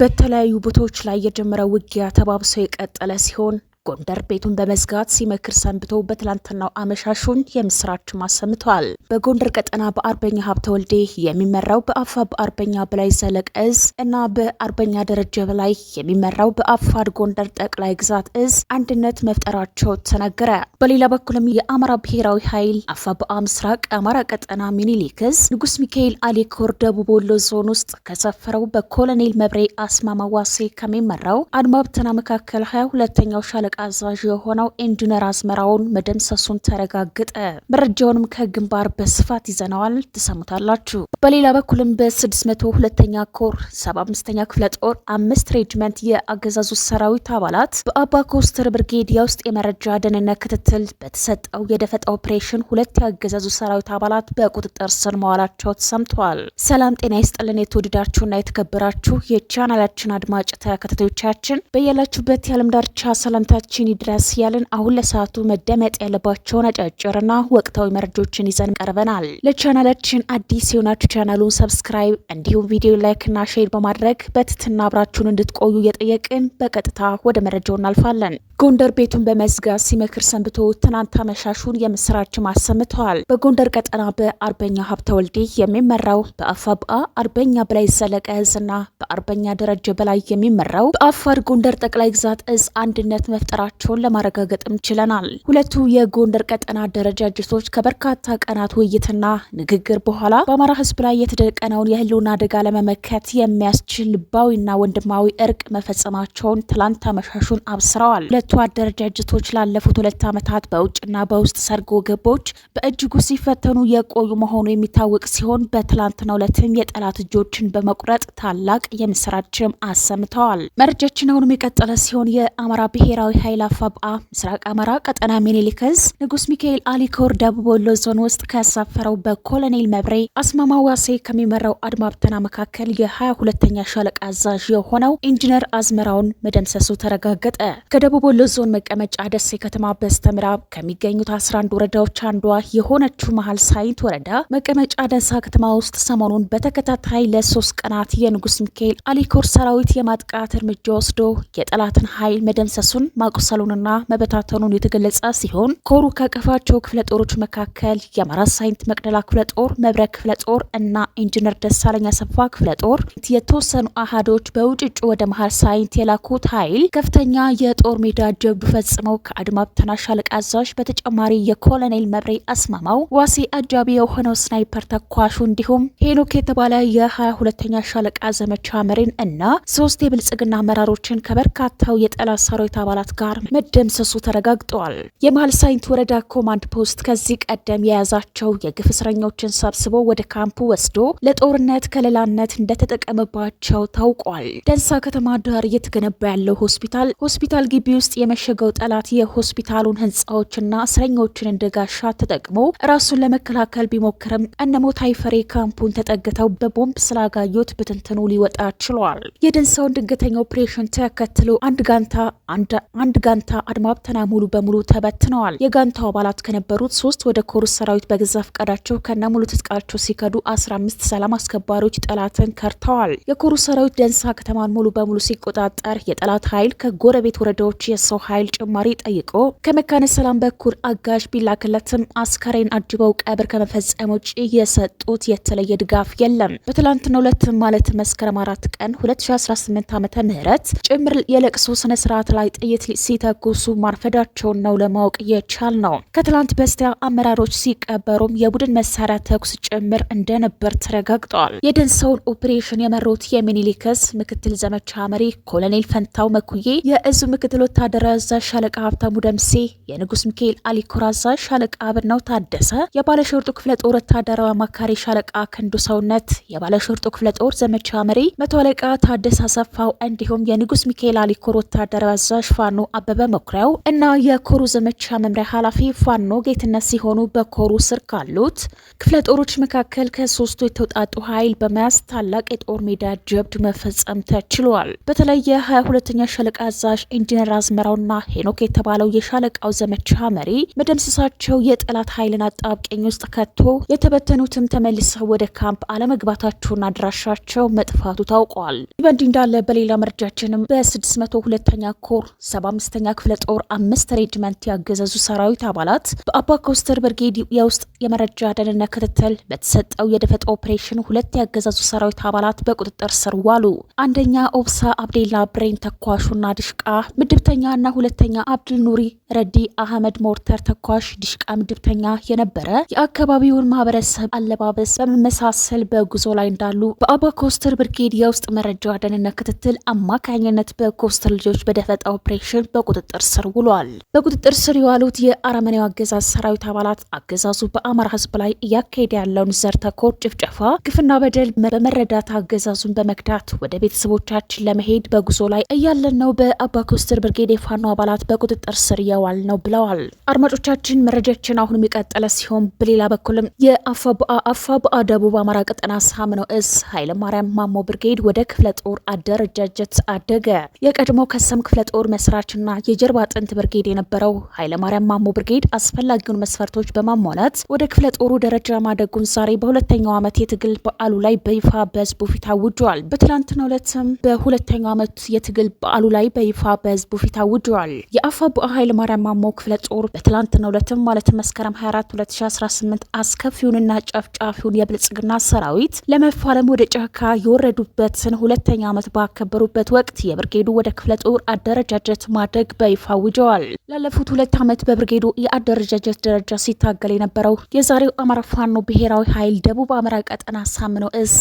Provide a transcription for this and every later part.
በተለያዩ ቦታዎች ላይ የጀመረ ውጊያ ተባብሶ የቀጠለ ሲሆን ጎንደር ቤቱን በመዝጋት ሲመክር ሰንብቶ በትላንትናው አመሻሹን የምስራች አሰምቷል። በጎንደር ቀጠና በአርበኛ ሀብተ ወልዴ የሚመራው በአፋ በአርበኛ በላይ ዘለቀ እዝ እና በአርበኛ ደረጀ በላይ የሚመራው በአፋድ ጎንደር ጠቅላይ ግዛት እዝ አንድነት መፍጠራቸው ተነገረ። በሌላ በኩልም የአማራ ብሔራዊ ኃይል በአ ምስራቅ አማራ ቀጠና ሚኒሊክ እዝ ንጉስ ሚካኤል አሌኮር ደቡብ ወሎ ዞን ውስጥ ከሰፈረው በኮሎኔል መብሬ አስማማዋሴ ከሚመራው አድማብተና መካከል ሀያ ሁለተኛው ሻለቃ አዛዥ የሆነው ኢንጂነር አዝመራውን መደምሰሱን ተረጋገጠ። መረጃውንም ከግንባር በስፋት ይዘነዋል፣ ትሰሙታላችሁ። በሌላ በኩልም በ602ኛ ኮር 75ኛ ክፍለ ጦር አምስት ሬጅመንት የአገዛዙ ሰራዊት አባላት በአባ ኮስተር ብርጌዲያ ውስጥ የመረጃ ደህንነት ክትትል በተሰጠው የደፈጣ ኦፕሬሽን ሁለት የአገዛዙ ሰራዊት አባላት በቁጥጥር ስር መዋላቸው ተሰምተዋል። ሰላም ጤና ይስጥልን የተወደዳችሁና የተከበራችሁ የቻናላችን አድማጭ ተከታታዮቻችን በያላችሁበት የዓለም ዳርቻ ሰላምታ ጆሮአችን ይድረስ ያልን አሁን ለሰዓቱ መደመጥ ያለባቸውን አጫጭርና ወቅታዊ መረጃዎችን ይዘን ቀርበናል። ለቻናላችን አዲስ የሆናችሁ ቻናሉን ሰብስክራይብ እንዲሁም ቪዲዮ ላይክና ሼር በማድረግ በትትና አብራችሁን እንድትቆዩ እየጠየቅን በቀጥታ ወደ መረጃው እናልፋለን። ጎንደር ቤቱን በመዝጋት ሲመክር ሰንብቶ ትናንት አመሻሹን የምስራች አሰምተዋል። በጎንደር ቀጠና በአርበኛ ሀብተ ወልዴ የሚመራው በአፋብአ አርበኛ በላይ ዘለቀ እዝና በአርበኛ ደረጀ በላይ የሚመራው በአፋር ጎንደር ጠቅላይ ግዛት እዝ አንድነት መፍጠራቸውን ለማረጋገጥም ችለናል። ሁለቱ የጎንደር ቀጠና ደረጃጀቶች ከበርካታ ቀናት ውይይትና ንግግር በኋላ በአማራ ሕዝብ ላይ የተደቀነውን የህልውና አደጋ ለመመከት የሚያስችል ልባዊና ወንድማዊ እርቅ መፈጸማቸውን ትላንት አመሻሹን አብስረዋል። ሁለቱ አደረጃጀቶች ላለፉት ሁለት ዓመታት በውጭና በውስጥ ሰርጎ ገቦች በእጅጉ ሲፈተኑ የቆዩ መሆኑ የሚታወቅ ሲሆን በትላንትናው ዕለትም የጠላት እጆችን በመቁረጥ ታላቅ የምስራችም አሰምተዋል። መረጃችን አሁንም የቀጠለ ሲሆን የአማራ ብሔራዊ ኃይል አፋብአ ምስራቅ አማራ ቀጠና ሚኒሊክ ንጉስ ሚካኤል አሊኮር ደቡብ ወሎ ዞን ውስጥ ከሰፈረው በኮሎኔል መብሬ አስማማ ዋሴ ከሚመራው አድማ ብተና መካከል የሃያ ሁለተኛ ሻለቃ አዛዥ የሆነው ኢንጂነር አዝመራውን መደምሰሱ ተረጋገጠ። ከደቡብ የወሎ ዞን መቀመጫ ደሴ ከተማ በስተ ምዕራብ ከሚገኙት 11 ወረዳዎች አንዷ የሆነችው መሀል ሳይንት ወረዳ መቀመጫ ደሳ ከተማ ውስጥ ሰሞኑን በተከታታይ ለሶስት ቀናት የንጉስ ሚካኤል አሊኮር ሰራዊት የማጥቃት እርምጃ ወስዶ የጠላትን ኃይል መደምሰሱን ማቁሰሉንና መበታተኑን የተገለጸ ሲሆን ኮሩ ካቀፋቸው ክፍለ ጦሮች መካከል የአማራ ሳይንት መቅደላ ክፍለ ጦር፣ መብረቅ ክፍለ ጦር እና ኢንጂነር ደሳለኝ አሰፋ ክፍለ ጦር የተወሰኑ አሃዶች በውጭጩ ወደ መሀል ሳይንት የላኩት ኃይል ከፍተኛ የጦር ሜዳ የተዘጋጀው ፈጽመው ከአድማ ብተና ሻለቃ አዛዥ በተጨማሪ የኮሎኔል መብሬ አስማማው ዋሴ አጃቢ የሆነው ስናይፐር ተኳሹ እንዲሁም ሄኖክ የተባለ የሀያ ሁለተኛ ሻለቃ ዘመቻ መሪን እና ሶስት የብልጽግና አመራሮችን ከበርካታው የጠላት ሰራዊት አባላት ጋር መደምሰሱ ተረጋግጠዋል። የመሀል ሳይንት ወረዳ ኮማንድ ፖስት ከዚህ ቀደም የያዛቸው የግፍ እስረኞችን ሰብስቦ ወደ ካምፑ ወስዶ ለጦርነት ከለላነት እንደተጠቀመባቸው ታውቋል። ደንሳ ከተማ ዳር እየተገነባ ያለው ሆስፒታል ሆስፒታል ግቢ ውስጥ የመሸገው ጠላት የሆስፒታሉን ህንፃዎችና እስረኞችን እንደጋሻ ተጠቅሞ ራሱን ለመከላከል ቢሞክርም እነሞታይ አይፈሬ ካምፑን ተጠግተው በቦምብ ስላጋዩት ብትንትኑ ሊወጣ ችሏል። የደንሳውን ድንገተኛ ኦፕሬሽን ተከትሎ አንድ ጋንታ አንድ ጋንታ አድማ ሙሉ በሙሉ ተበትነዋል። የጋንታው አባላት ከነበሩት ሶስት ወደ ኮሩስ ሰራዊት በገዛ ፈቃዳቸው ከነ ሙሉ ትጥቃቸው ሲከዱ አስራ አምስት ሰላም አስከባሪዎች ጠላትን ከርተዋል። የኮሩስ ሰራዊት ደንሳ ከተማን ሙሉ በሙሉ ሲቆጣጠር የጠላት ኃይል ከጎረቤት ወረዳዎች የሰው ኃይል ጭማሪ ጠይቆ ከመካነ ሰላም በኩል አጋዥ ቢላክለትም አስከሬን አጅበው ቀብር ከመፈጸም ውጭ የሰጡት የተለየ ድጋፍ የለም። በትላንትና ሁለት ማለት መስከረም አራት ቀን 2018 ዓ ም ጭምር የለቅሶ ስነ ስርዓት ላይ ጥይት ሲተኩሱ ማርፈዳቸውን ነው ለማወቅ የቻል ነው። ከትላንት በስቲያ አመራሮች ሲቀበሩም የቡድን መሳሪያ ተኩስ ጭምር እንደነበር ተረጋግጠዋል። የደንሰውን ኦፕሬሽን የመሩት የሚኒሊከስ ምክትል ዘመቻ መሪ ኮሎኔል ፈንታው መኩዬ የእዙ ምክትል ወታደ ወታደር አዛዥ ሻለቃ ሀብታሙ ደምሴ፣ የንጉስ ሚካኤል አሊኮር ኮር አዛዥ ሻለቃ አብናው ታደሰ፣ የባለሸርጡ ክፍለ ጦር ወታደራዊ አማካሪ ሻለቃ ክንዱ ሰውነት፣ የባለሽርጡ ክፍለ ጦር ዘመቻ መሪ መቶ አለቃ ታደሰ አሰፋው እንዲሁም የንጉስ ሚካኤል አሊኮር ወታደራዊ አዛዥ ፋኖ አበበ መኩሪያው እና የኮሩ ዘመቻ መምሪያ ኃላፊ ፋኖ ጌትነት ሲሆኑ በኮሩ ስር ካሉት ክፍለ ጦሮች መካከል ከሶስቱ የተውጣጡ ኃይል በመያዝ ታላቅ የጦር ሜዳ ጀብድ መፈጸም ተችሏል። በተለይ የ22ኛ ሻለቃ አዛዥ ኢንጂነር አዝመራ የሚመራውና ሄኖክ የተባለው የሻለቃው ዘመቻ መሪ መደምሰሳቸው የጠላት ኃይልን አጣብቀኝ ውስጥ ከቶ የተበተኑትም ተመልሰው ወደ ካምፕ አለመግባታቸውና አድራሻቸው መጥፋቱ ታውቋል። ይበንድ እንዳለ በሌላ መረጃችንም በ602ኛ ኮር 75ኛ ክፍለ ጦር አምስት ሬጅመንት ያገዘዙ ሰራዊት አባላት በአባ ኮስተር ብርጌድ የውስጥ የመረጃ ደህንነት ክትትል በተሰጠው የደፈጣ ኦፕሬሽን ሁለት ያገዘዙ ሰራዊት አባላት በቁጥጥር ስር ዋሉ። አንደኛ ኦብሳ አብዴላ ብሬን ተኳሹና ድሽቃ ምድብተኛ እና ሁለተኛ አብዱል ኑሪ ረዲ አህመድ ሞርተር ተኳሽ ዲሽቃ ምድብተኛ የነበረ የአካባቢውን ማህበረሰብ አለባበስ በመመሳሰል በጉዞ ላይ እንዳሉ በአባኮስተር ብርጌድ የውስጥ መረጃ ደህንነት ክትትል አማካኝነት በኮስተር ልጆች በደፈጣ ኦፕሬሽን በቁጥጥር ስር ውሏል። በቁጥጥር ስር የዋሉት የአረመኔው አገዛዝ ሰራዊት አባላት አገዛዙ በአማራ ህዝብ ላይ እያካሄደ ያለውን ዘር ተኮር ጭፍጨፋ ግፍና በደል በመረዳት አገዛዙን በመክዳት ወደ ቤተሰቦቻችን ለመሄድ በጉዞ ላይ እያለን ነው በአባኮስተር ብርጌድ የፋኖ አባላት በቁጥጥር ስር የዋል ነው ብለዋል። አድማጮቻችን መረጃችን አሁን የሚቀጥለ ሲሆን በሌላ በኩልም የአፋብአ ደቡብ አማራ ቀጠና ሳምነው እስ ኃይለ ማርያም ማሞ ብርጌድ ወደ ክፍለ ጦር አደረጃጀት አደገ። የቀድሞ ከሰም ክፍለ ጦር መስራችና የጀርባ አጥንት ብርጌድ የነበረው ኃይለ ማርያም ማሞ ብርጌድ አስፈላጊውን መስፈርቶች በማሟላት ወደ ክፍለ ጦሩ ደረጃ ማደጉን ዛሬ በሁለተኛው ዓመት የትግል በዓሉ ላይ በይፋ በህዝቡ ፊት አውጇል። በትላንትናው ዕለትም በሁለተኛው ዓመት የትግል በዓሉ ላይ በይፋ በህዝቡ ፊት ውድዋል። የአፋብአ ኃይለማርያም ማሞ ክፍለ ጦር በትላንትናው ዕለትም ማለት መስከረም 24 2018 አስከፊውንና ጫፍጫፊውን የብልጽግና ሰራዊት ለመፋለም ወደ ጫካ የወረዱበትን ሁለተኛ ዓመት ባከበሩበት ወቅት የብርጌዱ ወደ ክፍለ ጦር አደረጃጀት ማድረግ በይፋ አውጀዋል። ላለፉት ሁለት ዓመት በብርጌዱ የአደረጃጀት ደረጃ ሲታገል የነበረው የዛሬው አማራ ፋኖ ብሔራዊ ኃይል ደቡብ አማራ ቀጠና ሳምነው እዝ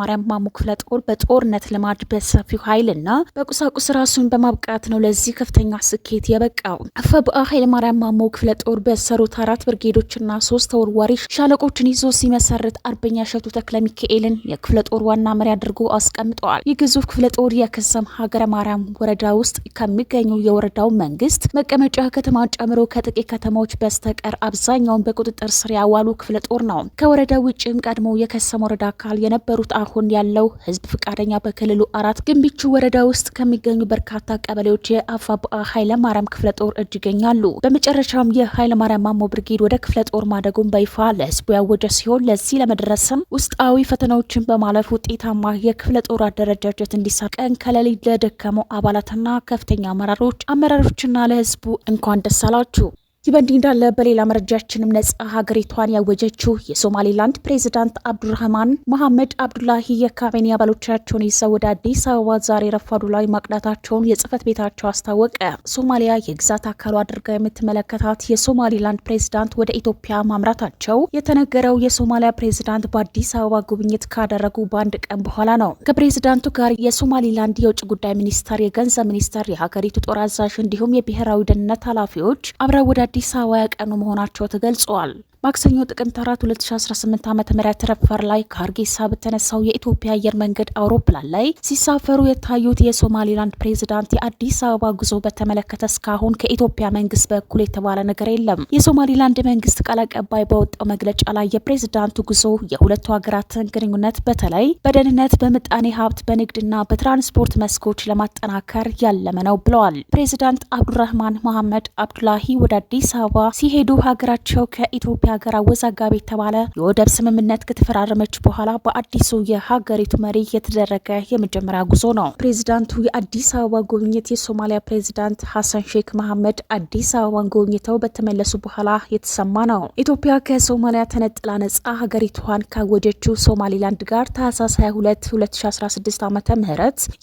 ማርያም ማሞ ክፍለ ጦር በጦርነት ልማድ በሰፊው ኃይልና በቁሳቁስ ራሱን በማብቃት ነው ለዚህ ከፍተኛ ስኬት የበቃው አፈብአ ኃይለማርያም ማሞ ክፍለ ጦር በሰሩት አራት ብርጌዶችና ሶስት ተወርዋሪ ሻለቆችን ይዞ ሲመሰርት አርበኛ እሸቱ ተክለ ሚካኤልን የክፍለ ጦር ዋና መሪ አድርጎ አስቀምጠዋል። ይህ ግዙፍ ክፍለ ጦር የከሰም ሀገረ ማርያም ወረዳ ውስጥ ከሚገኙ የወረዳው መንግስት መቀመጫ ከተማን ጨምሮ ከጥቂት ከተማዎች በስተቀር አብዛኛውን በቁጥጥር ስር ያዋሉ ክፍለ ጦር ነው። ከወረዳው ውጭም ቀድሞ የከሰም ወረዳ አካል የነበሩት አሁን ያለው ህዝብ ፈቃደኛ በክልሉ አራት ግንቢቹ ወረዳ ውስጥ ከሚገኙ በርካታ ቀበሌዎች የአፋ በኃይለማርያም ክፍለ ጦር እጅ ይገኛሉ። በመጨረሻም የኃይለማርያም ማሞ ብርጌድ ወደ ክፍለ ጦር ማደጉን በይፋ ለህዝቡ ያወጀ ሲሆን ለዚህ ለመድረስም ውስጣዊ ፈተናዎችን በማለፍ ውጤታማ የክፍለ ጦር አደረጃጀት እንዲሰራ ቀን ከሌሊት ለደከመው አባላትና ከፍተኛ አመራሮች አመራሮችና ለህዝቡ እንኳን ደስ አላችሁ ይህ በእንዲህ እንዳለ በሌላ መረጃችንም ነጻ ሀገሪቷን ያወጀችው የሶማሌላንድ ፕሬዚዳንት አብዱራህማን መሐመድ አብዱላሂ የካቢኔ አባሎቻቸውን ይዘው ወደ አዲስ አበባ ዛሬ ረፋዱ ላይ ማቅናታቸውን የጽህፈት ቤታቸው አስታወቀ። ሶማሊያ የግዛት አካሉ አድርጋ የምትመለከታት የሶማሌላንድ ፕሬዚዳንት ወደ ኢትዮጵያ ማምራታቸው የተነገረው የሶማሊያ ፕሬዚዳንት በአዲስ አበባ ጉብኝት ካደረጉ በአንድ ቀን በኋላ ነው። ከፕሬዚዳንቱ ጋር የሶማሌላንድ የውጭ ጉዳይ ሚኒስተር፣ የገንዘብ ሚኒስተር፣ የሀገሪቱ ጦር አዛዥ እንዲሁም የብሔራዊ ደህንነት ኃላፊዎች አብረው ወደ አዲስ አበባ ያቀኑ መሆናቸው ተገልጸዋል። ማክሰኞ ጥቅምት 4 2018 ዓ ም ረፋር ላይ ከሀርጌሳ በተነሳው የኢትዮጵያ አየር መንገድ አውሮፕላን ላይ ሲሳፈሩ የታዩት የሶማሊላንድ ፕሬዚዳንት የአዲስ አበባ ጉዞ በተመለከተ እስካሁን ከኢትዮጵያ መንግስት በኩል የተባለ ነገር የለም። የሶማሊላንድ መንግስት ቃል አቀባይ በወጣው መግለጫ ላይ የፕሬዚዳንቱ ጉዞ የሁለቱ ሀገራትን ግንኙነት በተለይ በደህንነት፣ በምጣኔ ሀብት፣ በንግድና በትራንስፖርት መስኮች ለማጠናከር ያለመ ነው ብለዋል። ፕሬዚዳንት አብዱራህማን መሐመድ አብዱላሂ ወደ አዲስ አበባ ሲሄዱ ሀገራቸው ከኢትዮጵያ ሀገር አወዛጋቢ የተባለ የወደብ ስምምነት ከተፈራረመች በኋላ በአዲሱ የሀገሪቱ መሪ የተደረገ የመጀመሪያ ጉዞ ነው። ፕሬዚዳንቱ የአዲስ አበባ ጉብኝት የሶማሊያ ፕሬዚዳንት ሀሰን ሼክ መሐመድ አዲስ አበባን ጎብኝተው በተመለሱ በኋላ የተሰማ ነው። ኢትዮጵያ ከሶማሊያ ተነጥላ ነጻ ሀገሪቷን ካወጀችው ሶማሊላንድ ጋር ታህሳስ 22 2016 ዓ ም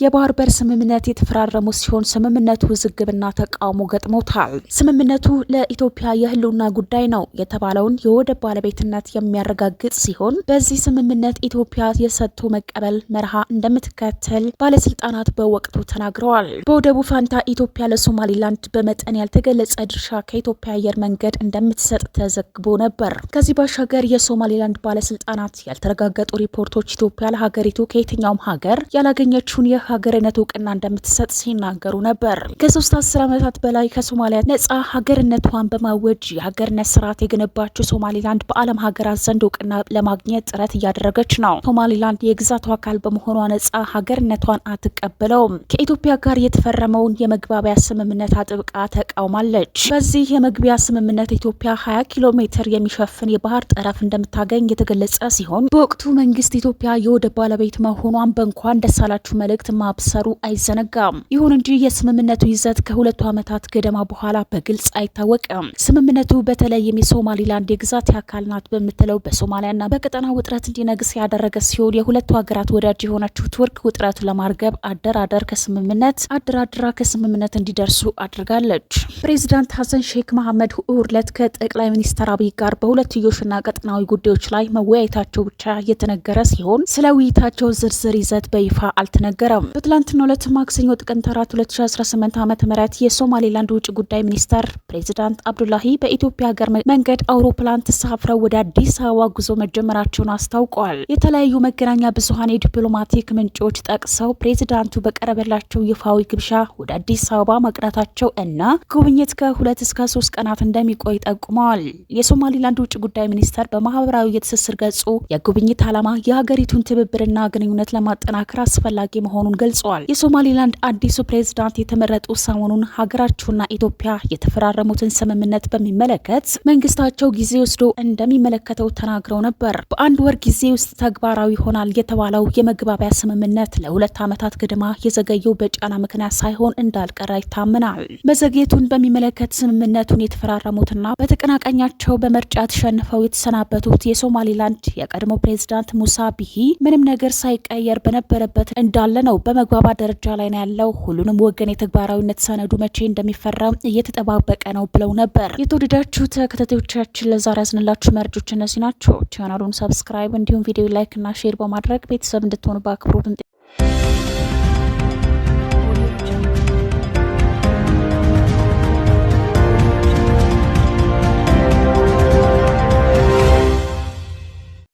የባህር በር ስምምነት የተፈራረሙ ሲሆን ስምምነቱ ውዝግብና ተቃውሞ ገጥሞታል። ስምምነቱ ለኢትዮጵያ የህልውና ጉዳይ ነው የተባለውን የወደብ ባለቤትነት የሚያረጋግጥ ሲሆን በዚህ ስምምነት ኢትዮጵያ የሰጥቶ መቀበል መርሃ እንደምትከተል ባለስልጣናት በወቅቱ ተናግረዋል። በወደቡ ፋንታ ኢትዮጵያ ለሶማሊላንድ በመጠን ያልተገለጸ ድርሻ ከኢትዮጵያ አየር መንገድ እንደምትሰጥ ተዘግቦ ነበር። ከዚህ ባሻገር የሶማሊላንድ ባለስልጣናት ያልተረጋገጡ ሪፖርቶች ኢትዮጵያ ለሀገሪቱ ከየትኛውም ሀገር ያላገኘችውን የሀገርነት እውቅና እንደምትሰጥ ሲናገሩ ነበር። ከሶስት አስር ዓመታት በላይ ከሶማሊያ ነጻ ሀገርነቷን በማወጅ የሀገርነት ስርዓት የገነባቸው ሶማሌላንድ በዓለም ሀገራት ዘንድ እውቅና ለማግኘት ጥረት እያደረገች ነው። ሶማሌላንድ የግዛቱ አካል በመሆኗ ነፃ ሀገርነቷን አትቀበለውም። ከኢትዮጵያ ጋር የተፈረመውን የመግባቢያ ስምምነት አጥብቃ ተቃውማለች። በዚህ የመግቢያ ስምምነት ኢትዮጵያ 20 ኪሎ ሜትር የሚሸፍን የባህር ጠረፍ እንደምታገኝ የተገለጸ ሲሆን በወቅቱ መንግስት ኢትዮጵያ የወደብ ባለቤት መሆኗን በእንኳን ደስ አላችሁ መልእክት ማብሰሩ አይዘነጋም። ይሁን እንጂ የስምምነቱ ይዘት ከሁለቱ ዓመታት ገደማ በኋላ በግልጽ አይታወቅም። ስምምነቱ በተለይም የሶማሌላንድ የግዛት አካል ናት በምትለው በሶማሊያና በቀጠና ውጥረት እንዲነግስ ያደረገ ሲሆን የሁለቱ ሀገራት ወዳጅ የሆነችው ቱርክ ውጥረቱ ለማርገብ አደራደር ከስምምነት አደራድራ ከስምምነት እንዲደርሱ አድርጋለች። ፕሬዚዳንት ሀሰን ሼክ መሐመድ ሁርለት ከጠቅላይ ሚኒስትር አብይ ጋር በሁለትዮሽና ቀጠናዊ ጉዳዮች ላይ መወያየታቸው ብቻ የተነገረ ሲሆን ስለ ውይይታቸው ዝርዝር ይዘት በይፋ አልተነገረም። በትላንትና ዕለት ማክሰኞ ጥቅምት 4 2018 ዓ ም የሶማሌላንድ ውጭ ጉዳይ ሚኒስተር ፕሬዚዳንት አብዱላሂ በኢትዮጵያ ሀገር መንገድ አውሮፕላ ትላንት ተሳፍረው ወደ አዲስ አበባ ጉዞ መጀመራቸውን አስታውቀዋል። የተለያዩ መገናኛ ብዙሀን የዲፕሎማቲክ ምንጮች ጠቅሰው ፕሬዚዳንቱ በቀረበላቸው ይፋዊ ግብዣ ወደ አዲስ አበባ መቅረታቸው እና ጉብኝት ከሁለት እስከ ሶስት ቀናት እንደሚቆይ ጠቁመዋል። የሶማሊላንድ ውጭ ጉዳይ ሚኒስተር በማህበራዊ የትስስር ገጹ የጉብኝት ዓላማ የሀገሪቱን ትብብርና ግንኙነት ለማጠናከር አስፈላጊ መሆኑን ገልጸዋል። የሶማሊላንድ አዲሱ ፕሬዚዳንት የተመረጡ ሰሞኑን ሀገራቸውና ኢትዮጵያ የተፈራረሙትን ስምምነት በሚመለከት መንግስታቸው ጊዜ ጊዜ ወስዶ እንደሚመለከተው ተናግረው ነበር። በአንድ ወር ጊዜ ውስጥ ተግባራዊ ይሆናል የተባለው የመግባቢያ ስምምነት ለሁለት ዓመታት ግድማ የዘገየው በጫና ምክንያት ሳይሆን እንዳልቀረ ይታምናል። መዘግየቱን በሚመለከት ስምምነቱን የተፈራረሙትና በተቀናቃኛቸው በምርጫ ተሸንፈው የተሰናበቱት የሶማሌላንድ የቀድሞ ፕሬዚዳንት ሙሳ ቢሂ ምንም ነገር ሳይቀየር በነበረበት እንዳለ ነው። በመግባባት ደረጃ ላይ ነው ያለው። ሁሉንም ወገን የተግባራዊነት ሰነዱ መቼ እንደሚፈረም እየተጠባበቀ ነው ብለው ነበር። የተወደዳችሁ ተከታታዮቻችን ለዛሬ ያዝንላችሁ መረጆች እነዚህ ናቸው። ቻናሉን ሰብስክራይብ እንዲሁም ቪዲዮ ላይክ እና ሼር በማድረግ ቤተሰብ እንድትሆኑ በአክብሮት